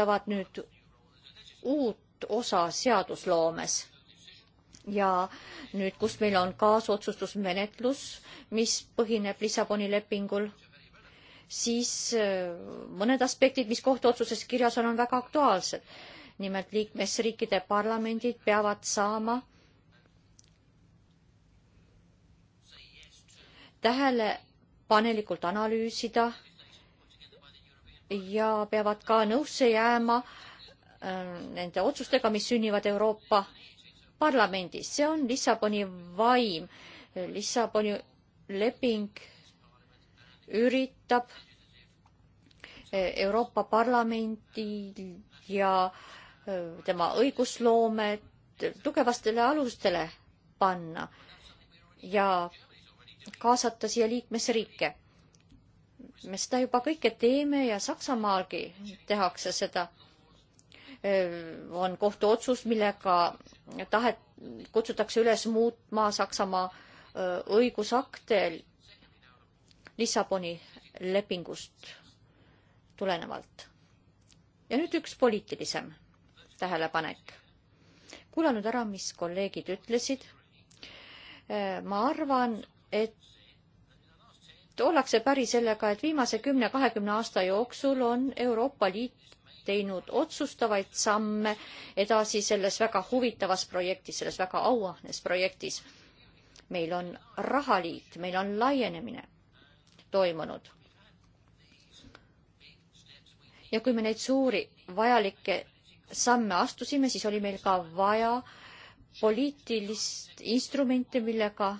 näitavad nüüd uut osa seadusloomes ja nüüd, kus meil on kaasotsustusmenetlus, mis põhineb Lissaboni lepingul, siis äh, mõned aspektid, mis kohtuotsuses kirjas on, on väga aktuaalsed. nimelt liikmesriikide parlamendid peavad saama tähelepanelikult analüüsida ja peavad ka nõusse jääma äh, nende otsustega, mis sünnivad Euroopa Parlamendis. see on Lissaboni vaim. Lissaboni leping üritab äh, Euroopa Parlamendi ja äh, tema õigusloomet tugevastele alustele panna ja kaasata siia liikmesriike me seda juba kõike teeme ja Saksamaalgi tehakse seda. on kohtuotsus, millega tahet, kutsutakse üles muutma Saksamaa õigusakte Lissaboni lepingust tulenevalt. ja nüüd üks poliitilisem tähelepanek. kuula nüüd ära, mis kolleegid ütlesid. ma arvan, et et ollakse päri sellega, et viimase kümne-kahekümne aasta jooksul on Euroopa Liit teinud otsustavaid samme edasi selles väga huvitavas projektis, selles väga auahnes projektis. meil on rahaliit, meil on laienemine toimunud. ja kui me neid suuri vajalikke samme astusime, siis oli meil ka vaja poliitilist instrumenti, millega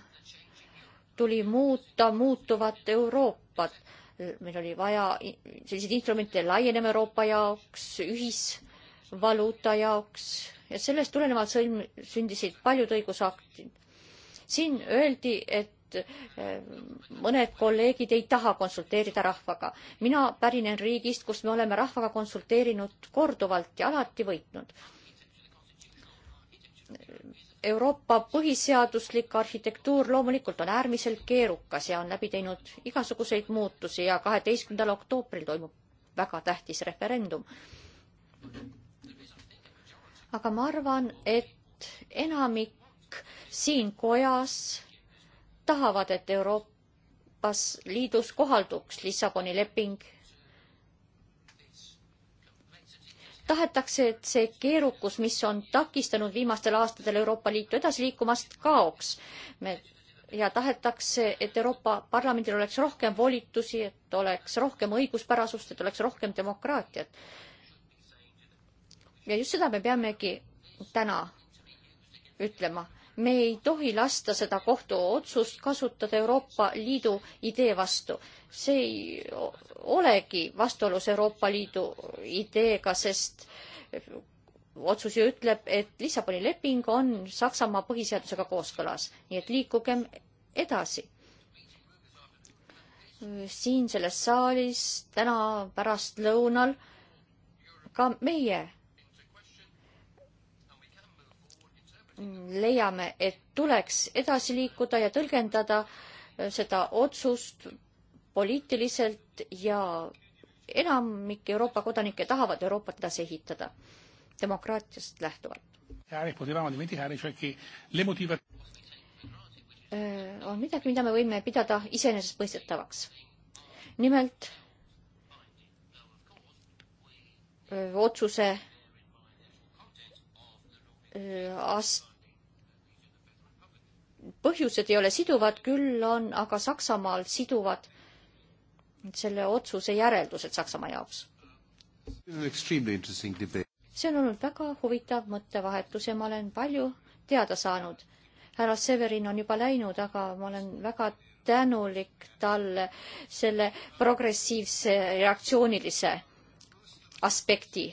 tuli muuta muutuvat Euroopat. meil oli vaja selliseid instrumente laienem Euroopa jaoks, ühisvaluuta jaoks ja sellest tulenevalt sõlm-, sündisid paljud õigusaktid. siin öeldi, et eh, mõned kolleegid ei taha konsulteerida rahvaga. mina pärinen riigist, kus me oleme rahvaga konsulteerinud korduvalt ja alati võitnud. Euroopa põhiseaduslik arhitektuur loomulikult on äärmiselt keerukas ja on läbi teinud igasuguseid muutusi ja kaheteistkümnendal oktoobril toimub väga tähtis referendum. aga ma arvan, et enamik siin kojas tahavad, et Euroopas Liidus kohalduks Lissaboni leping tahetakse, et see keerukus, mis on takistanud viimastel aastatel Euroopa Liitu edasi liikumast, kaoks. me ja tahetakse, et Euroopa Parlamendil oleks rohkem volitusi, et oleks rohkem õiguspärasust, et oleks rohkem demokraatiat. ja just seda me peamegi täna ütlema me ei tohi lasta seda kohtuotsust kasutada Euroopa Liidu idee vastu. see ei olegi vastuolus Euroopa Liidu ideega, sest otsus ju ütleb, et Lissaboni leping on Saksamaa põhiseadusega kooskõlas, nii et liikugem edasi. siin selles saalis täna pärastlõunal ka meie leiame, et tuleks edasi liikuda ja tõlgendada äh, seda otsust poliitiliselt ja enamik Euroopa kodanikke tahavad Euroopat edasi ehitada demokraatiast lähtuvalt. Äh, on midagi, mida me võime pidada iseenesestmõistetavaks. nimelt öö, äh, otsuse öö, ast-, põhjused ei ole siduvad, küll on aga Saksamaal siduvad selle otsuse järeldused Saksamaa jaoks. see on olnud väga huvitav mõttevahetus ja ma olen palju teada saanud. härra Severin on juba läinud, aga ma olen väga tänulik talle selle progressiivse reaktsioonilise aspekti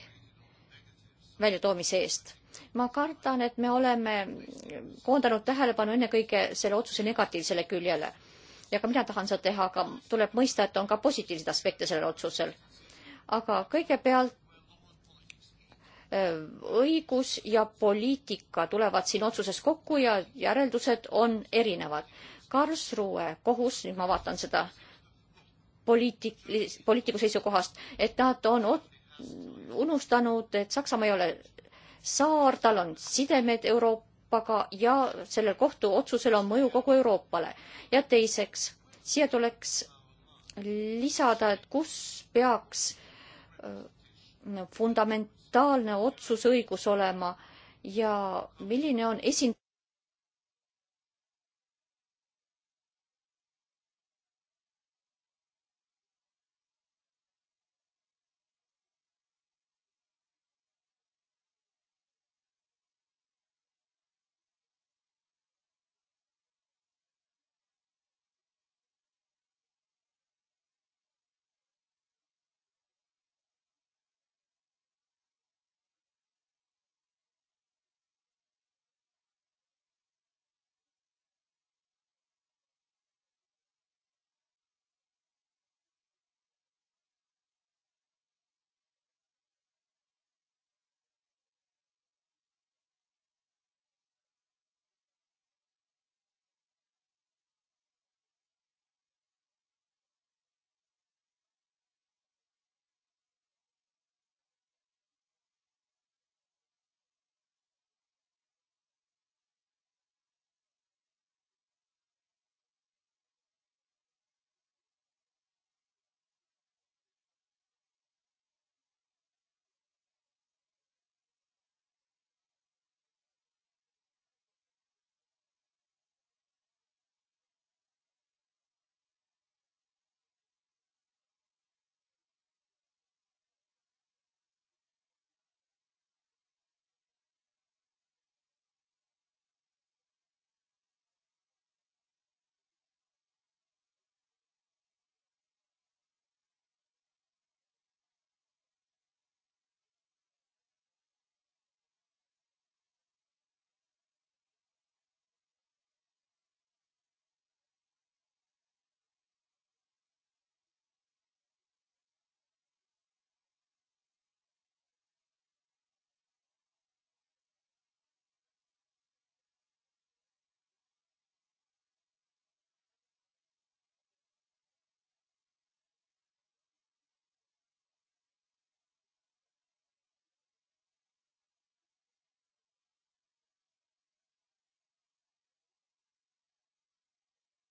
väljatoomise eest ma kardan, et me oleme koondanud tähelepanu ennekõike selle otsuse negatiivsele küljele ja ka mina tahan seda teha, aga tuleb mõista, et on ka positiivseid aspekte sellel otsusel. aga kõigepealt äh, õigus ja poliitika tulevad siin otsuses kokku ja järeldused on erinevad. Karlsruhe kohus, nüüd ma vaatan seda poliitik, poliitiku seisukohast, et nad on unustanud, et Saksamaa ei ole saar, tal on sidemed Euroopaga ja sellel kohtuotsusel on mõju kogu Euroopale. ja teiseks, siia tuleks lisada, et kus peaks äh, fundamentaalne otsusõigus olema ja milline on esin-.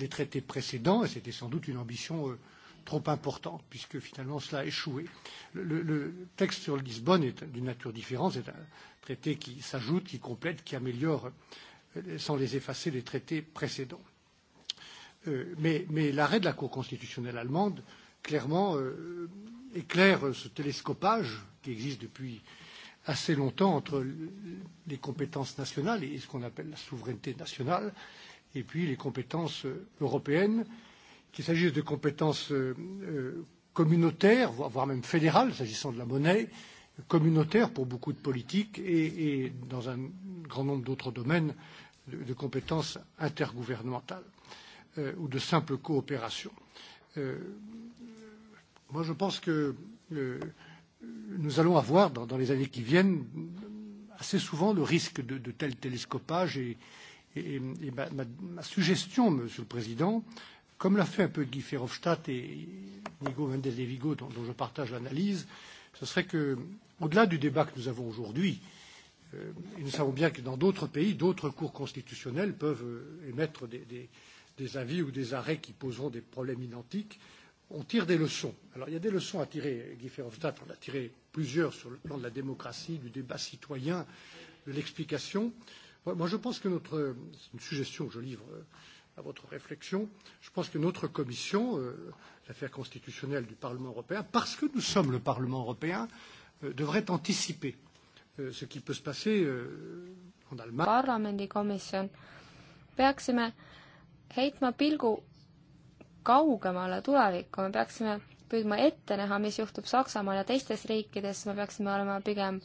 les traités précédents, et c'était sans doute une ambition euh, trop importante, puisque finalement cela a échoué. Le, le, le texte sur Lisbonne est d'une nature différente, c'est un traité qui s'ajoute, qui complète, qui améliore, euh, sans les effacer, les traités précédents. Euh, mais mais l'arrêt de la Cour constitutionnelle allemande, clairement, euh, éclaire ce télescopage qui existe depuis assez longtemps entre les compétences nationales et ce qu'on appelle la souveraineté nationale, euh, et puis les compétences euh, européennes, qu'il s'agisse de compétences euh, euh, communautaires, voire même fédérales, s'agissant de la monnaie, communautaires pour beaucoup de politiques et, et dans un grand nombre d'autres domaines de, de compétences intergouvernementales euh, ou de simple coopération. Euh, moi, je pense que euh, nous allons avoir dans, dans les années qui viennent assez souvent le risque de, de tel télescopage et, Et, et ma, ma, ma suggestion, Monsieur le Président, comme l'a fait un peu Guy Verhofstadt et Nigo Mendel de Vigo, dont, dont je partage l'analyse, ce serait que, au-delà du débat que nous avons aujourd'hui, euh, et nous savons bien que dans d'autres pays, d'autres cours constitutionnels peuvent euh, émettre des, des, des avis ou des arrêts qui poseront des problèmes identiques, on tire des leçons. Alors il y a des leçons à tirer. Guy Verhofstadt en a tiré plusieurs sur le plan de la démocratie, du débat citoyen, de l'explication. Euh, Moi, je pense que notre, c'est une suggestion que je livre euh, à votre réflexion, je pense que notre commission, euh, l'affaire constitutionnelle du Parlement européen, parce que nous sommes le Parlement européen, euh, devrait anticiper euh, ce qui peut se passer euh, en Allemagne. parlamendikomisjon, peaksime heitma pilgu kaugemale tulevikku, me peaksime püüdma ette näha, mis juhtub Saksamaal ja teistes riikides, me peaksime olema pigem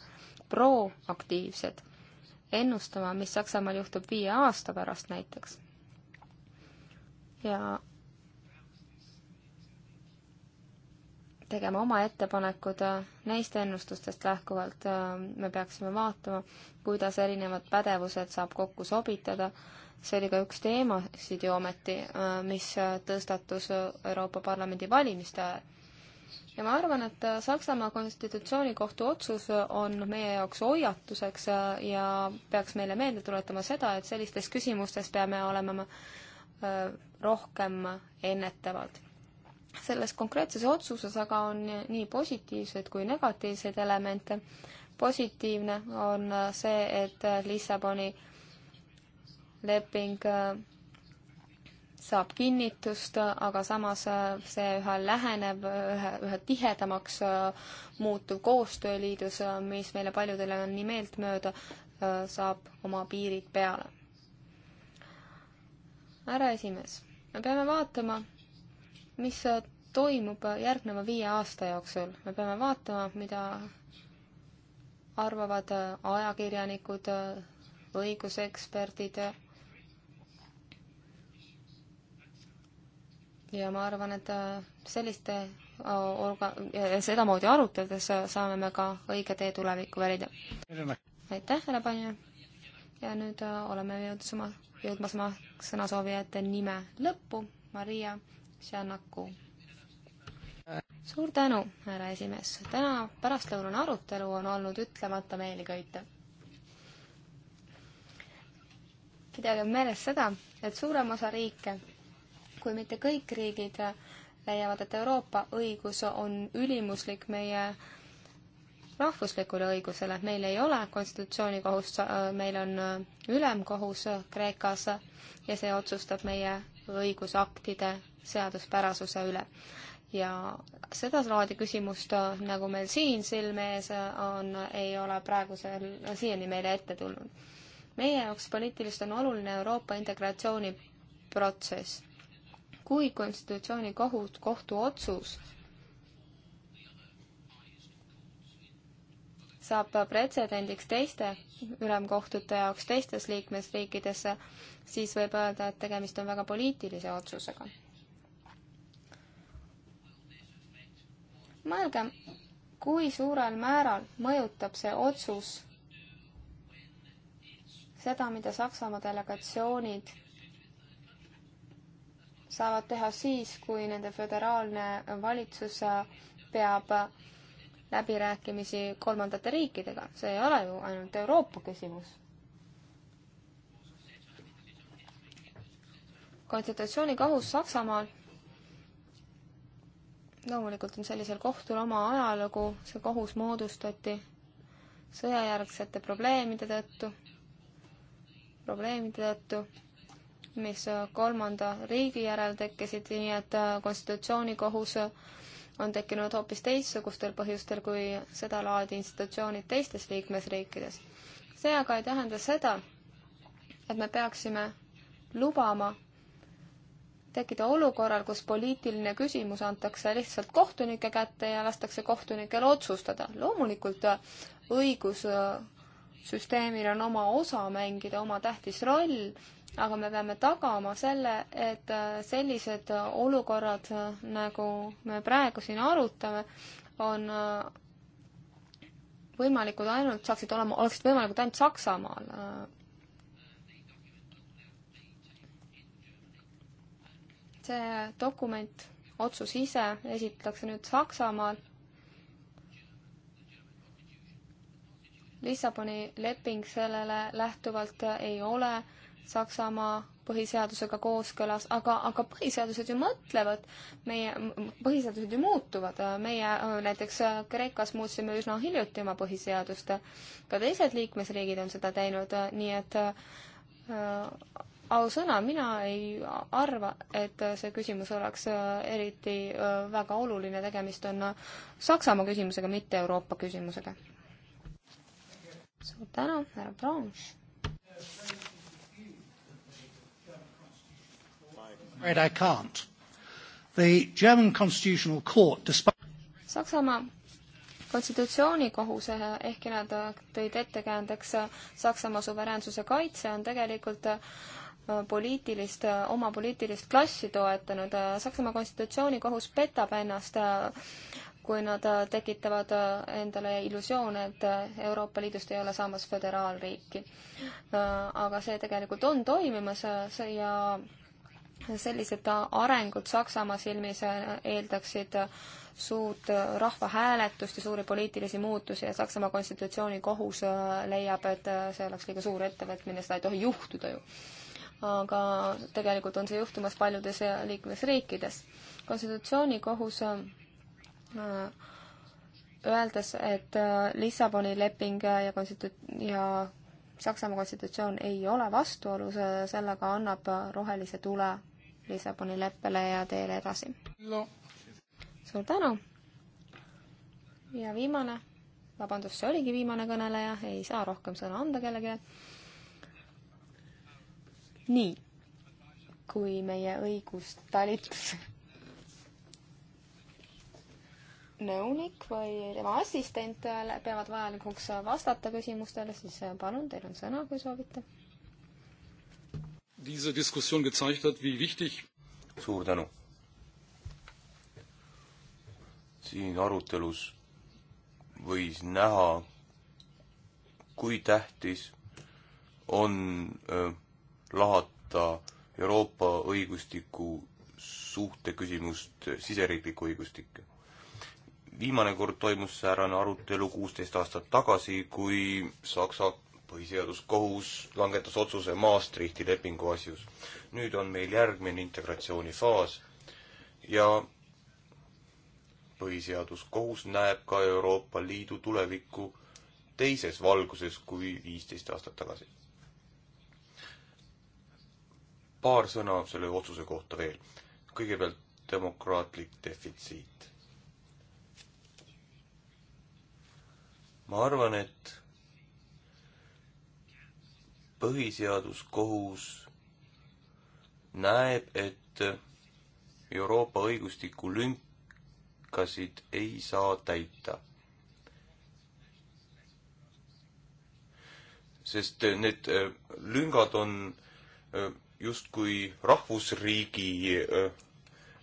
proaktiivsed ennustama, mis Saksamaal juhtub viie aasta pärast näiteks. ja tegema oma ettepanekud äh, neist ennustustest lähtuvalt, äh, me peaksime vaatama, kuidas erinevad pädevused saab kokku sobitada, see oli ka üks teemasid ju ometi, äh, mis tõstatus Euroopa Parlamendi valimiste ajal ja ma arvan, et äh, Saksamaa konstitutsioonikohtu otsus äh, on meie jaoks hoiatuseks äh, ja peaks meile meelde tuletama seda, et sellistes küsimustes peame olema rohkem ennetavad. selles konkreetses otsuses aga on nii positiivseid kui negatiivseid elemente. positiivne on see, et Lissaboni leping saab kinnitust, aga samas äh, see üha lähenev, ühe, üha tihedamaks äh, muutuv koostööliidus, äh, mis meile paljudele on nii meeltmööda, saab oma piirid peale. härra esimees, me peame vaatama, mis toimub järgneva viie aasta jooksul, me peame vaatama, mida arvavad ajakirjanikud, õiguseksperdid ja ma arvan, et äh, selliste äh, orga-, sedamoodi arutades äh, saame me ka õige tee tulevikku valida. aitäh, härra Panja! ja nüüd oleme jõudnud oma, jõudmas oma sõnasoovijate nime lõppu, Maria Šanaku. suur tänu, härra esimees! täna pärastlõunane arutelu on olnud ütlemata meeliköitev. pidage meeles seda, et suurem osa riike kui mitte kõik riigid leiavad, et Euroopa õigus on ülimuslik meie rahvuslikule õigusele. meil ei ole konstitutsioonikohust, meil on äh, ülemkohus äh, Kreekas ja see otsustab meie õigusaktide seaduspärasuse üle. ja sedalaadi küsimust, äh, nagu meil siin silme ees on, ei ole praegusel, siiani meile ette tulnud. meie jaoks poliitiliselt on oluline Euroopa integratsiooniprotsess kui konstitutsioonikohut, kohtuotsus saab pretsedendiks teiste ülemkohtute jaoks teistes liikmesriikides, siis võib öelda, et tegemist on väga poliitilise otsusega. mõelgem, kui suurel määral mõjutab see otsus seda, mida Saksamaa delegatsioonid saavad teha siis, kui nende föderaalne valitsus peab läbirääkimisi kolmandate riikidega. see ei ole ju ainult Euroopa küsimus. konstitutsioonikohus Saksamaal loomulikult on sellisel kohtul oma ajalugu, see kohus moodustati sõjajärgsete probleemide tõttu, probleemide tõttu mis äh, kolmanda riigi järel tekkisid, nii et äh, konstitutsioonikohus äh, on tekkinud hoopis teistsugustel põhjustel kui sedalaadi institutsioonid teistes liikmesriikides. see aga ei tähenda seda, et me peaksime lubama tekkida olukorral, kus poliitiline küsimus antakse lihtsalt kohtunike kätte ja lastakse kohtunikel otsustada. loomulikult õigussüsteemil on oma osa mängida, oma tähtis roll aga me peame tagama selle, et äh, sellised äh, olukorrad, äh, nagu me praegu siin arutame, on võimalikud ainult, saaksid olema, oleksid võimalikud ainult Saksamaal. see dokument, otsus ise esitatakse nüüd Saksamaal Lissaboni leping sellele lähtuvalt ei ole Saksamaa põhiseadusega kooskõlas, aga, aga põhiseadused ju mõtlevad, meie, põhiseadused ju muutuvad, meie äh, näiteks äh, Kreekas muutsime üsna hiljuti oma põhiseadust, ka teised liikmesriigid on seda teinud, äh, nii et ausõna, mina ei arva, et see küsimus oleks eriti väga oluline, tegemist on Saksamaa küsimusega, mitte Euroopa küsimusega. suur tänu, härra Branch! afraid I can't. The German Constitutional Court, despite Saksamaa konstitutsioonikohus, ehkki nad tõid ettekäändeks Saksamaa suveräänsuse kaitse, on tegelikult äh, poliitilist, äh, oma poliitilist klassi toetanud. Saksamaa konstitutsioonikohus petab ennast, äh, kui nad tekitavad endale illusioone, et Euroopa Liidust ei ole saamas föderaalriiki. aga see tegelikult on toimimas ja sellised arengud Saksamaa silmis eeldaksid suurt rahvahääletust ja suuri poliitilisi muutusi ja Saksamaa konstitutsioonikohus leiab, et see oleks liiga suur ettevõtmine, seda ei tohi juhtuda ju. aga tegelikult on see juhtumas paljudes liikmesriikides. konstitutsioonikohus äh, öeldes, et äh, Lissaboni leping ja konstitu- ja Saksamaa konstitutsioon ei ole vastuolus, äh, sellega annab rohelise tule Lissaboni leppele ja teele edasi no.. suur tänu! ja viimane, vabandust, see oligi viimane kõneleja, ei saa rohkem sõna anda kellelegi. nii, kui meie õigustalitus nõunik või tema assistent peavad vajalikuks vastata küsimustele, siis palun, teil on sõna, kui soovite. suur tänu. siin arutelus võis näha, kui tähtis on äh, lahata Euroopa õigustiku suhteküsimust siseriiklikku õigustikke viimane kord toimus säärane arutelu kuusteist aastat tagasi, kui Saksa põhiseaduskohus langetas otsuse Maastrichti lepingu asjus. nüüd on meil järgmine integratsioonifaas ja põhiseaduskohus näeb ka Euroopa Liidu tulevikku teises valguses kui viisteist aastat tagasi. paar sõna selle otsuse kohta veel. kõigepealt demokraatlik defitsiit ma arvan, et põhiseaduskohus näeb, et Euroopa õigustiku lünkasid ei saa täita. sest need äh, lüngad on äh, justkui rahvusriigi äh,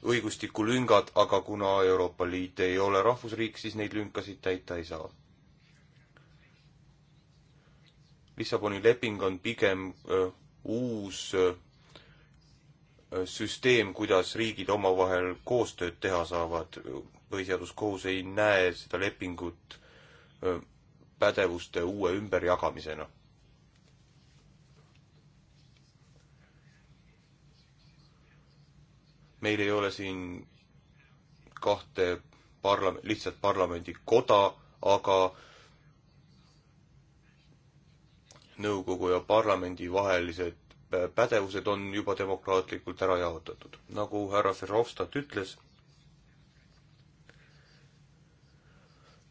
õigustiku lüngad, aga kuna Euroopa Liit ei ole rahvusriik, siis neid lünkasid täita ei saa Lissaboni leping on pigem uus süsteem, kuidas riigid omavahel koostööd teha saavad. põhiseaduskohus ei näe seda lepingut pädevuste uue ümberjagamisena. meil ei ole siin kahte parla-, lihtsalt parlamendi koda, aga äh, nõukogu ja parlamendi vahelised äh, pädevused on juba demokraatlikult ära jaotatud. nagu härra Verhofstadt ütles,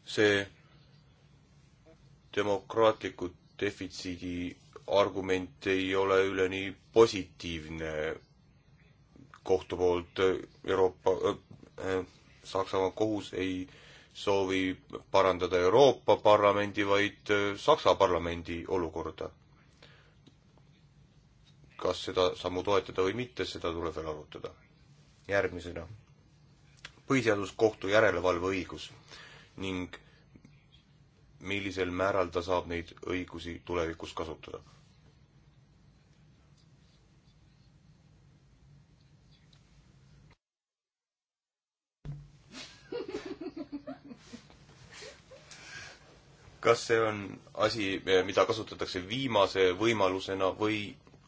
see demokraatliku defitsiidi argument ei ole üleni positiivne kohtu poolt äh, Euroopa äh, äh,, Saksamaa kohus ei äh, soovi parandada Euroopa Parlamendi, vaid äh, Saksa parlamendi olukorda. kas seda sammu toetada või mitte, seda tuleb veel arutada. järgmisena, põhiseaduskohtu järelevalveõigus ning millisel määral ta saab neid õigusi tulevikus kasutada kas see on asi, eh, mida kasutatakse viimase võimalusena või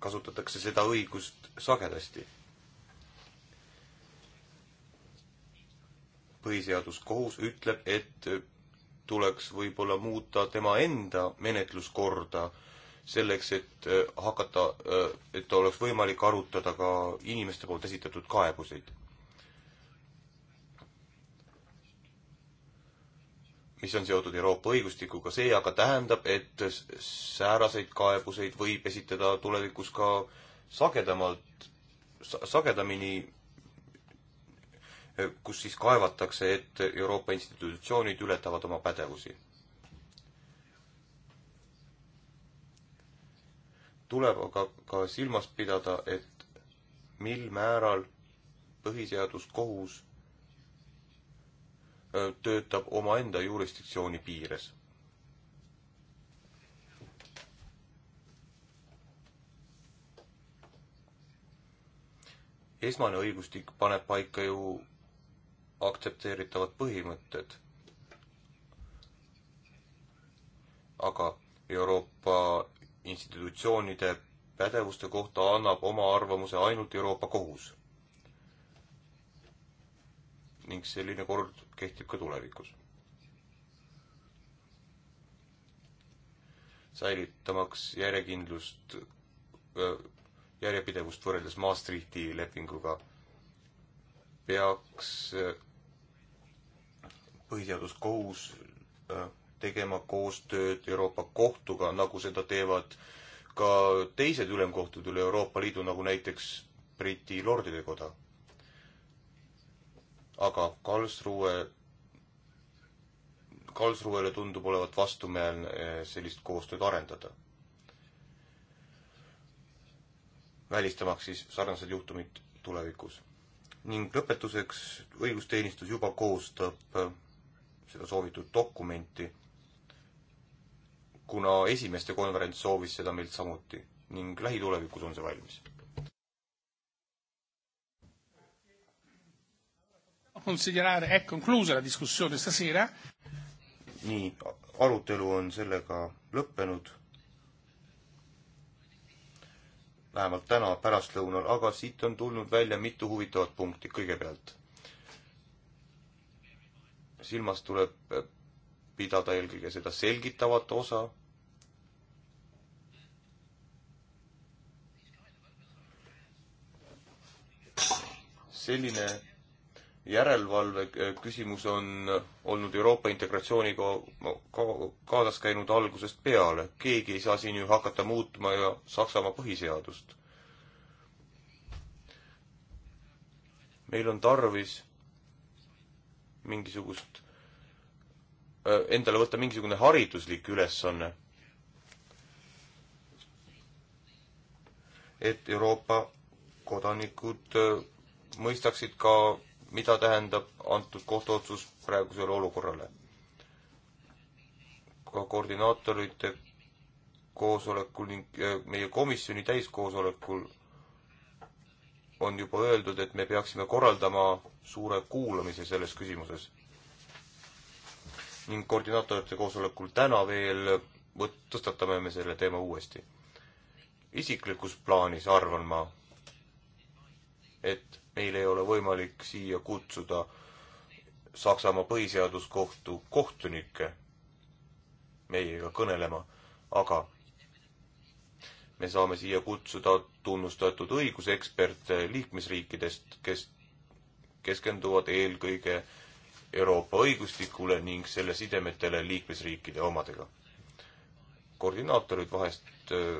kasutatakse seda õigust sagedasti? põhiseaduskohus ütleb, et tuleks võib-olla muuta tema enda menetluskorda selleks, et eh, hakata, eh, et oleks võimalik arutada ka inimeste poolt esitatud kaebuseid mis on seotud Euroopa õigustikuga, see aga tähendab, et sääraseid kaebuseid võib esitada tulevikus ka sagedamalt, sagedamini, kus siis kaevatakse, et Euroopa institutsioonid ületavad oma pädevusi. tuleb aga ka silmas pidada, et mil määral põhiseaduskohus töötab omaenda jurisdiktsiooni piires. esmane õigustik paneb paika ju aktsepteeritavad põhimõtted. aga Euroopa institutsioonide pädevuste kohta annab oma arvamuse ainult Euroopa Kohus ning selline kord kehtib ka tulevikus. säilitamaks järjekindlust, järjepidevust võrreldes Maastrichti lepinguga, peaks põhiseaduskohus tegema koostööd Euroopa Kohtuga, nagu seda teevad ka teised ülemkohtud üle Euroopa Liidu, nagu näiteks Briti lordide koda aga Karlsruhe, Karlsruhele tundub olevat vastumeelne eh, sellist koostööd arendada. välistamaks siis sarnased juhtumid tulevikus. ning lõpetuseks õigusteenistus juba koostab eh, seda soovitud dokumenti, kuna esimeste konverents soovis seda meilt samuti ning lähitulevikus on see valmis considerare, è conclusa la discussione stasera. nii, arutelu on sellega lõppenud. vähemalt täna pärastlõunal, aga siit on tulnud välja mitu huvitavat punkti kõigepealt. silmas tuleb pidada eelkõige seda selgitavat osa selline järelevalve äh, küsimus on olnud Euroopa integratsiooniga ka kaasas käinud algusest peale. keegi ei saa siin ju hakata muutma ja Saksamaa põhiseadust. meil on tarvis mingisugust, äh, endale võtta mingisugune hariduslik ülesanne. et Euroopa kodanikud äh, mõistaksid ka mida tähendab antud kohtuotsus praegusele olukorrale. ka koordinaatorite koosolekul ning äh, meie komisjoni täiskoosolekul on juba öeldud, et me peaksime korraldama suure kuulamise selles küsimuses. ning koordinaatorite koosolekul täna veel võt-, tõstatame me selle teema uuesti. isiklikus plaanis arvan ma, et meil ei ole võimalik siia kutsuda Saksamaa põhiseaduskohtu kohtunikke meiega kõnelema, aga me saame siia kutsuda tunnustatud õiguseksperte liikmesriikidest, kes keskenduvad eelkõige Euroopa õigustikule ning selle sidemetele liikmesriikide omadega. koordinaatorid vahest äh,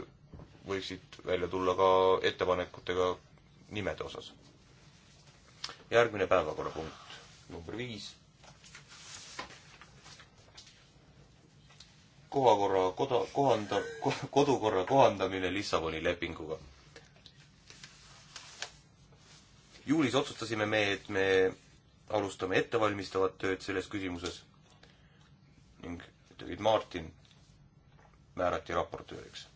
võiksid välja tulla ka ettepanekutega nimede osas järgmine päevakorrapunkt, number viis. kohakorra koda, kohanda, kodukorra kohandamine Lissaboni lepinguga. juulis otsustasime me, et me alustame ettevalmistavat tööd selles küsimuses ning David Martin määrati raportööriks,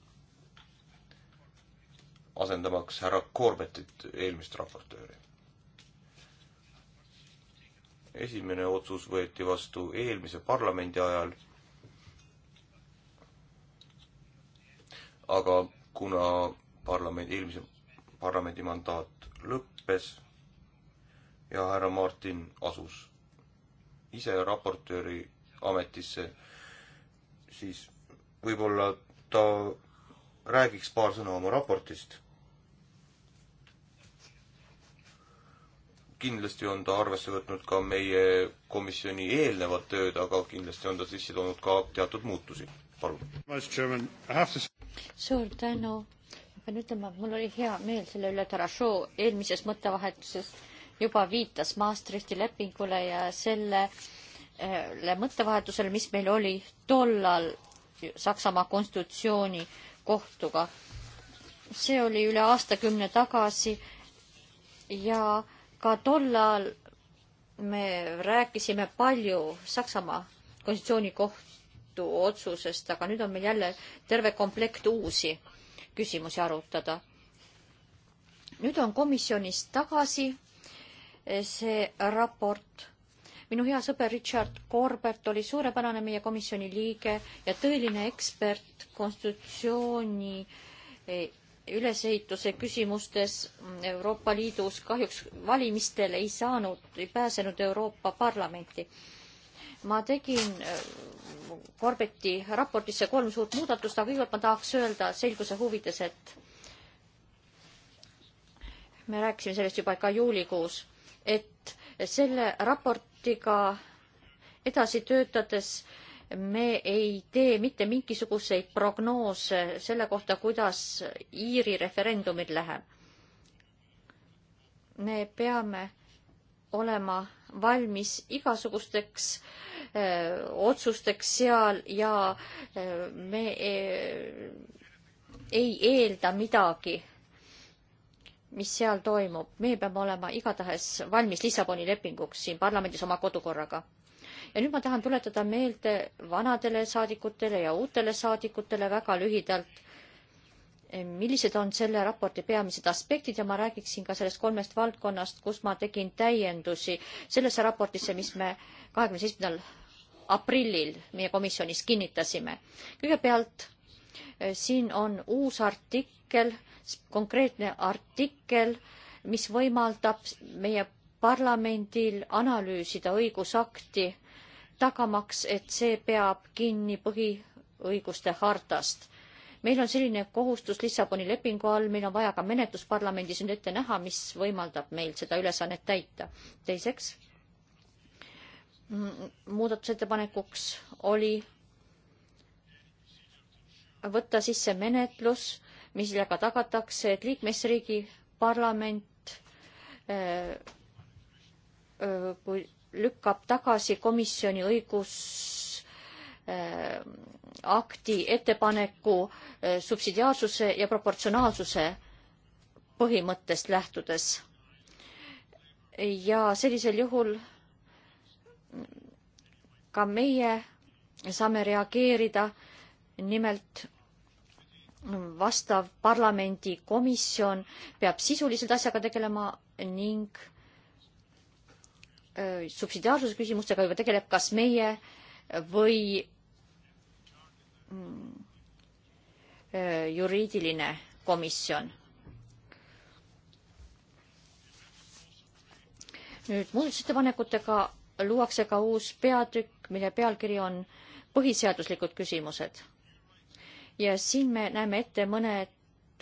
asendamaks härra Corbettit, eelmist raportööri esimene otsus võeti vastu eelmise parlamendi ajal. aga kuna parlamendi, eelmise parlamendi mandaat lõppes ja härra Martin asus ise raportööri ametisse, siis võib-olla ta räägiks paar sõna oma raportist kindlasti on ta arvesse võtnud ka meie komisjoni eelnevat tööd, aga kindlasti on ta sisse toonud ka teatud muutusi. palun. suur tänu. ma pean ütlema, et mul oli hea meel selle üle, et Arashoo eelmises mõttevahetuses juba viitas Maastrichti lepingule ja sellele äh, mõttevahetusele, mis meil oli tollal Saksamaa konstitutsioonikohtuga. see oli üle aastakümne tagasi ja äh, ka tollal me rääkisime palju Saksamaa konstitutsioonikohtu otsusest, aga nüüd on meil jälle terve komplekt uusi küsimusi arutada. nüüd on komisjonis tagasi eh, see raport. minu hea sõber Richard Corbett oli suurepärane meie komisjoni liige ja tõeline ekspert konstitutsiooni eh, ülesehituse küsimustes Euroopa Liidus kahjuks valimistel ei saanud, ei pääsenud Euroopa Parlamenti. ma tegin äh, Korbeti raportisse kolm suurt muudatust, aga kõigepealt ma tahaks öelda selguse huvides, et me rääkisime sellest juba ka juulikuus, et selle raportiga edasi töötades äh, me ei tee mitte mingisuguseid prognoose selle kohta, kuidas Iiri referendumil läheb. me peame olema valmis igasugusteks öö, eh, otsusteks seal ja öö, eh, me öö, eh, ei eelda midagi, mis seal toimub. me peame olema igatahes valmis Lissaboni lepinguks siin parlamendis oma kodukorraga ja nüüd ma tahan tuletada meelde vanadele saadikutele ja uutele saadikutele väga lühidalt, eh, millised on selle raporti peamised aspektid ja ma räägiksin ka sellest kolmest valdkonnast, kus ma tegin täiendusi sellesse raportisse, mis me kahekümne seitsmendal aprillil meie komisjonis kinnitasime. kõigepealt eh, siin on uus artikkel, konkreetne artikkel, mis võimaldab meie parlamendil analüüsida õigusakti tagamaks, et see peab kinni põhiõiguste hartast. meil on selline kohustus Lissaboni lepingu all, meil on vaja ka menetlus parlamendis nüüd ette näha, mis võimaldab meil seda ülesannet täita. teiseks, mm, muudatusettepanekuks oli võtta sisse menetlus, millega tagatakse, et liikmesriigi parlament äh, äh, kui lükkab tagasi komisjoni õigusakti äh, ettepaneku äh, subsidiaarsuse ja proportsionaalsuse põhimõttest lähtudes. ja sellisel juhul ka meie saame reageerida, nimelt vastav parlamendikomisjon peab sisuliselt asjaga tegelema ning subsidiaarsuse küsimustega juba tegeleb, kas meie või mm, juriidiline komisjon. nüüd muudatusettepanekutega luuakse ka uus peatükk, mille pealkiri on põhiseaduslikud küsimused. ja siin me näeme ette mõned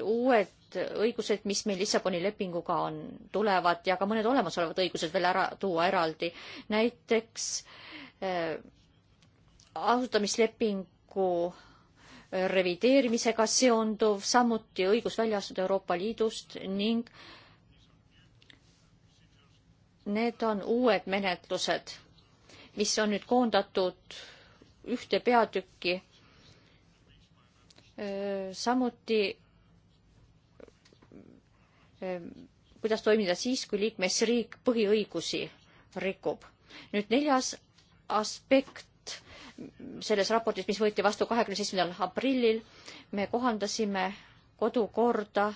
uued õigused, mis meil Lissaboni lepinguga on, tulevad ja ka mõned olemasolevad õigused veel ära tuua eraldi. näiteks äh, asutamislepingu äh, revideerimisega seonduv, samuti õigus välja astuda Euroopa Liidust ning need on uued menetlused, mis on nüüd koondatud ühte peatükki. Äh, samuti Ehm, kuidas toimida siis, kui liikmesriik põhiõigusi rikub. nüüd neljas aspekt selles raportis, mis võeti vastu kahekümne seitsmendal aprillil, me kohandasime kodukorda,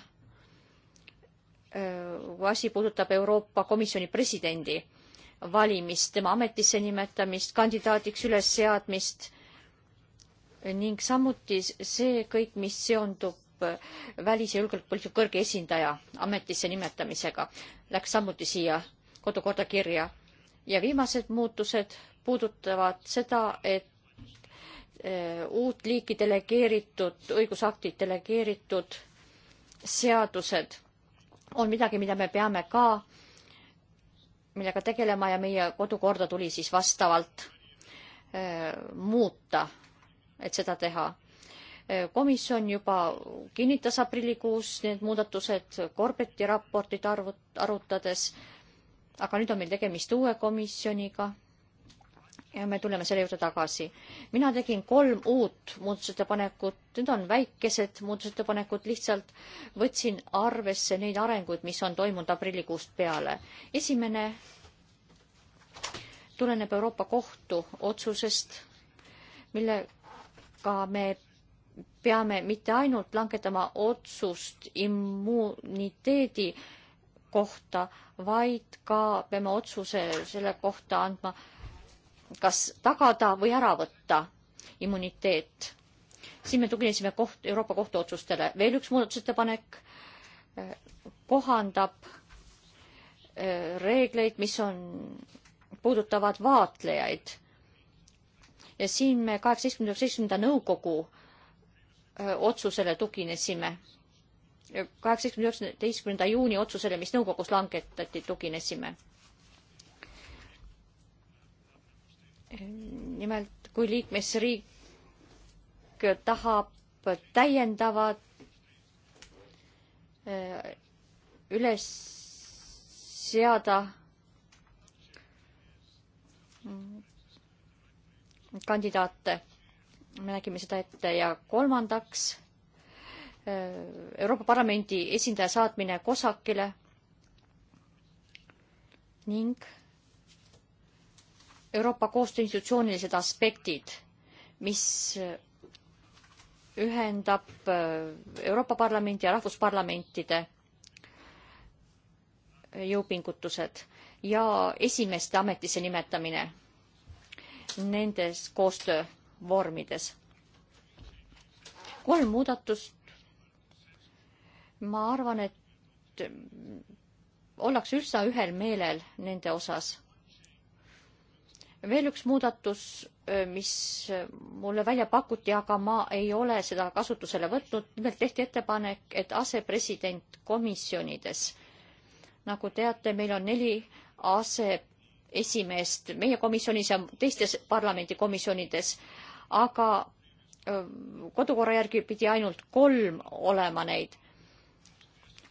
kui asi puudutab Euroopa Komisjoni presidendi valimist, tema ametisse nimetamist, kandidaadiks ülesseadmist ning samuti see kõik, mis seondub Äh, välis- ja julgeolekupoliitika kõrge esindaja ametisse nimetamisega, läks samuti siia kodukorda kirja. ja viimased muutused puudutavad seda, et äh, uut liiki delegeeritud õigusaktid, delegeeritud seadused on midagi, mida me peame ka, millega tegelema ja meie kodukorda tuli siis vastavalt äh, muuta, et seda teha komisjon juba kinnitas aprillikuus need muudatused Corbeti raportit arvut-, arutades, aga nüüd on meil tegemist uue komisjoniga ja me tuleme selle juurde tagasi. mina tegin kolm uut muudatusettepanekut, need on väikesed muudatusettepanekud, lihtsalt võtsin arvesse neid arenguid, mis on toimunud aprillikuust peale. esimene tuleneb Euroopa Kohtu otsusest, millega me peame mitte ainult langetama otsust immuniteedi kohta, vaid ka peame otsuse selle kohta andma, kas tagada või ära võtta immuniteet. siin me tuginesime koht, Euroopa Kohtu otsustele. veel üks muudatusettepanek eh, kohandab eh, reegleid, mis on, puudutavad vaatlejaid. ja siin me kaheksateistkümnenda, seitsmenda nõukogu otsusele tuginesime. kaheksateistkümne üheksateistkümnenda juuni otsusele, mis nõukogus langetati, tuginesime. nimelt, kui liikmesriik tahab täiendavat üles seada kandidaate me nägime seda ette ja kolmandaks äh, Euroopa Parlamendi esindaja saatmine Kosakile ning Euroopa koostöö institutsioonilised aspektid, mis ühendab äh, Euroopa Parlamendi ja rahvusparlamentide jõupingutused ja esimeste ametisse nimetamine nendes koostöö vormides. kolm muudatust. ma arvan, et ollakse üsna ühel meelel nende osas. veel üks muudatus, mis mulle välja pakuti, aga ma ei ole seda kasutusele võtnud, nimelt tehti ettepanek, et asepresident komisjonides, nagu teate, meil on neli asepresidenti esimeest meie komisjonis ja teistes parlamendikomisjonides aga kodukorra järgi pidi ainult kolm olema neid.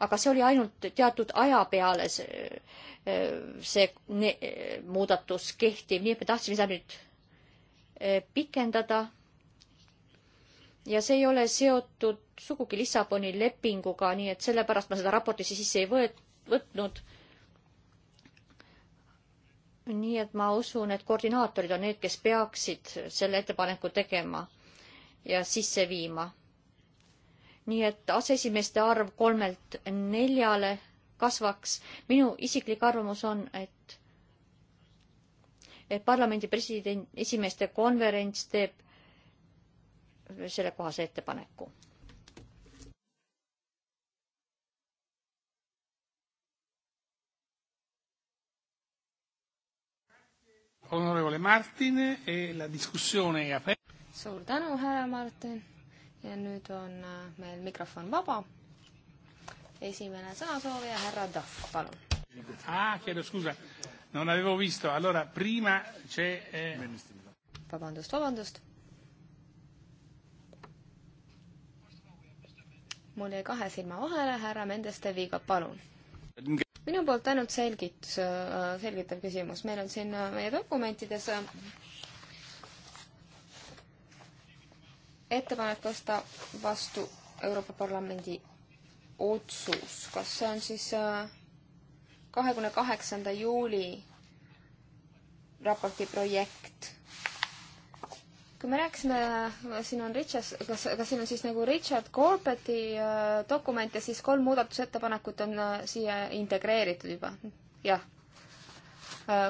aga see oli ainult teatud aja peale see, see ne, muudatus kehtiv, nii et me tahtsime seda nüüd pikendada. ja see ei ole seotud sugugi Lissaboni lepinguga, nii et sellepärast ma seda raportisse sisse ei võet-, võtnud nii et ma usun, et koordinaatorid on need, kes peaksid selle ettepaneku tegema ja sisse viima. nii et aseesimeeste arv kolmelt neljale kasvaks. minu isiklik arvamus on, et et parlamendi president, esimeeste konverents teeb sellekohase ettepaneku onorevole Martin e la discussione è aperta. suur tänu, härra Martin ja nüüd on äh, meil mikrofon vaba. esimene sõnasoovija, härra Tahv, palun. Ah, chiedo scusa, non avevo visto, allora prima c'è eh... vabandust, vabandust. mul jäi kahe silma vahele, härra Mendesteviga, palun minu poolt ainult selgitus, selgitav küsimus. meil on siin äh, meie dokumentides äh, ettepanek võtta vastu Euroopa Parlamendi otsus. kas see on siis äh, kahekümne kaheksanda juuli raporti projekt? kui me rääkisime, äh, siin on Richas, kas, kas siin on siis nagu Richard Corbetti äh, dokument ja siis kolm muudatusettepanekut on äh, siia integreeritud juba? jah.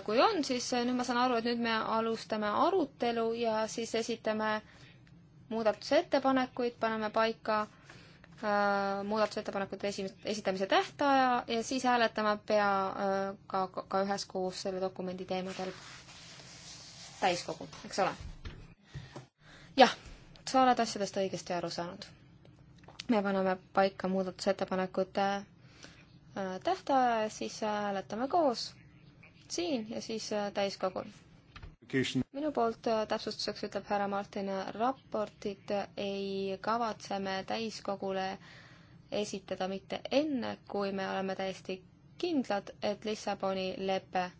kui on, siis nüüd ma saan aru, et nüüd me alustame arutelu ja siis esitame muudatusettepanekuid, paneme paika muudatusettepanekute esimest, esitamise tähtaja ja siis hääletame pea ka, ka üheskoos selle dokumendi teemadel täiskogul, eks ole jah, sa oled asjadest õigesti aru saanud. me paneme paika muudatusettepanekute äh, tähtaja ja siis äh, hääletame koos siin ja siis äh, täiskogul. minu poolt täpsustuseks ütleb härra Martin, raportit ei kavatse me täiskogule esitada mitte enne, kui me oleme täiesti kindlad, et Lissaboni lepe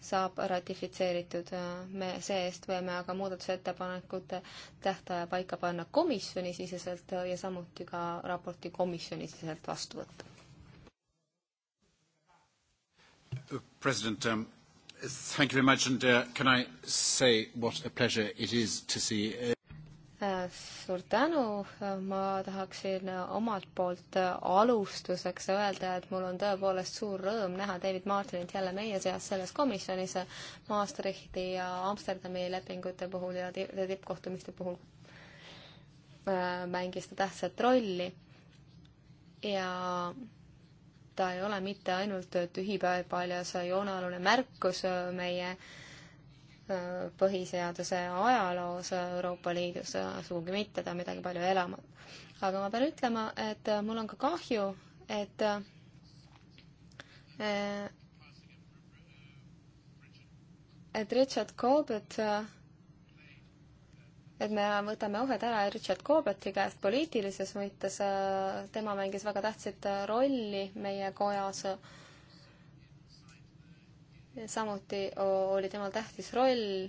saab ratifitseeritud. me see-eest võime aga muudatusettepanekute tähtaja paika panna komisjonisiseselt ja samuti ka raporti komisjonisiseselt vastu võtta. President um,, thank you very much and uh, can I say what a pleasure it is to see uh suur tänu, ma tahaksin omalt poolt alustuseks öelda, et mul on tõepoolest suur rõõm näha David Martinit jälle meie seas selles komisjonis Maastrichti ja Amsterdami lepingute puhul ja tippkohtumiste puhul mängis ta tähtsat rolli. ja ta ei ole mitte ainult tühipaljas joonealune märkus meie äh, põhiseaduse ajaloos Euroopa Liidus, sugugi mitte ta midagi palju elamat. aga ma pean ütlema, et mul on ka kahju, et eh, et Richard Corbett, et me võtame ohjad ära Richard Corbetti käest poliitilises mõttes, eh, tema mängis väga tähtsat rolli meie kojas samuti oli temal tähtis roll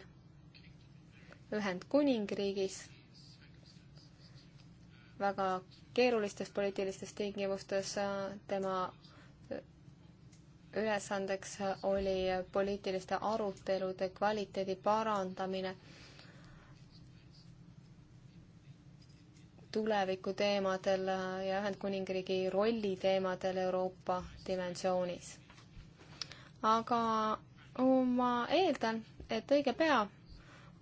Ühendkuningriigis väga keerulistes poliitilistes tingimustes. Äh, tema äh, ülesandeks äh, oli poliitiliste arutelude kvaliteedi parandamine, tuleviku teemadel ja Ühendkuningriigi rolli teemadel Euroopa dimensioonis aga ma eeldan, et õige pea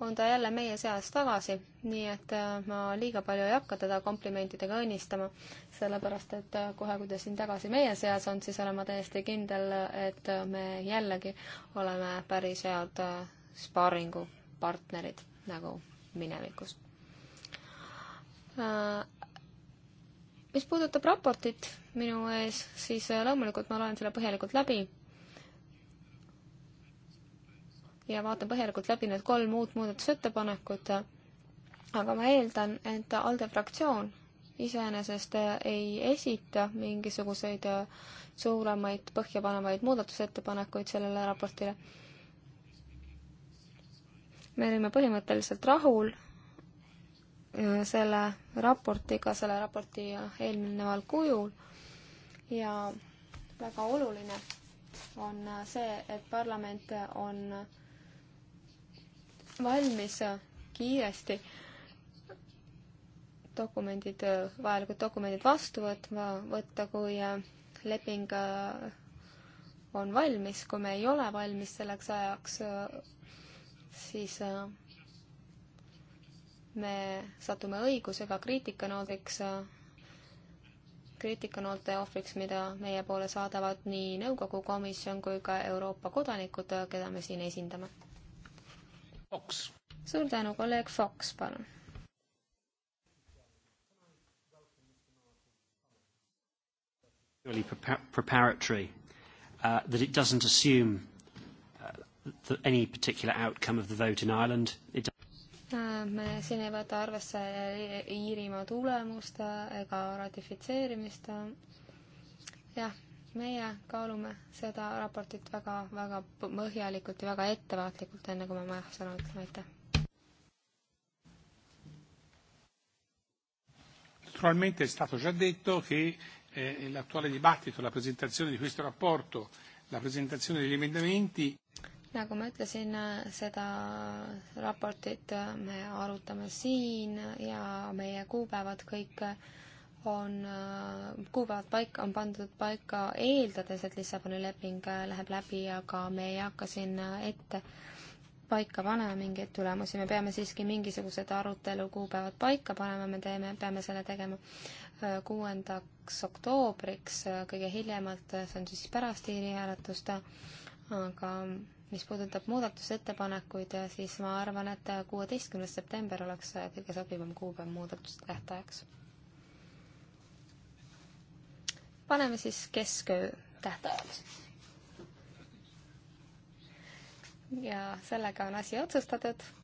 on ta jälle meie seas tagasi, nii et äh, ma liiga palju ei hakka teda komplimentidega õnnistama, sellepärast et äh, kohe, kui ta siin tagasi meie seas on, siis olen ma täiesti kindel, et me jällegi oleme päris head äh, sparringupartnerid, nagu minevikus. mis puudutab raportit minu ees, siis loomulikult ma loen selle põhjalikult läbi ja vaatan põhjalikult läbi need kolm uut muudatusettepanekut. aga ma eeldan, et ALDE fraktsioon iseenesest ei esita mingisuguseid suuremaid põhjapanevaid muudatusettepanekuid sellele raportile. me olime põhimõtteliselt rahul äh, selle raportiga, selle raporti eelneval kujul ja väga oluline on äh, see, et parlament on valmis äh, kiiresti dokumendid, äh, vajalikud dokumendid vastu võtma, võtta, kui äh, leping on valmis, kui me ei ole valmis selleks ajaks, siis me satume õigusega kriitikanoodiks, kriitikanoolte ohvriks, mida meie poole saadavad nii nõukogu komisjon kui ka Euroopa kodanikud, keda me siin esindame Fox. suur tänu, kolleeg Fox, palun. preparatory uh, that it doesn't assume uh, the, any particular outcome of the vote in Ireland. It äh, me siin ei võta arvesse Iirimaa tulemust äh, ega ratifitseerimist. Äh. jah, meie kaalume seda raportit väga, väga põhjalikult ja väga ettevaatlikult, enne kui me oma sõna ütleme, aitäh. Naturalmente è stato già detto che eh, l'attuale dibattito, la presentazione di questo rapporto, la presentazione degli emendamenti nagu ma ütlesin, eh, seda raportit eh, me arutame siin ja meie kuupäevad kõik eh, on äh, kuupäevad paika, on pandud paika eeldades, et Lissaboni leping äh, läheb läbi, aga me ei hakka siin äh, ette paika panema mingeid tulemusi, me peame siiski mingisugused arutelu kuupäevad paika panema, me teeme, peame selle tegema kuuendaks oktoobriks kõige hiljemalt, see on siis pärast Iiri hääletust, aga mis puudutab muudatusettepanekuid, siis ma arvan, et kuueteistkümnes september oleks kõige sobivam kuupäev muudatuste tähtajaks paneme siis kesköö tähtajaks. ja sellega on asi otsustatud.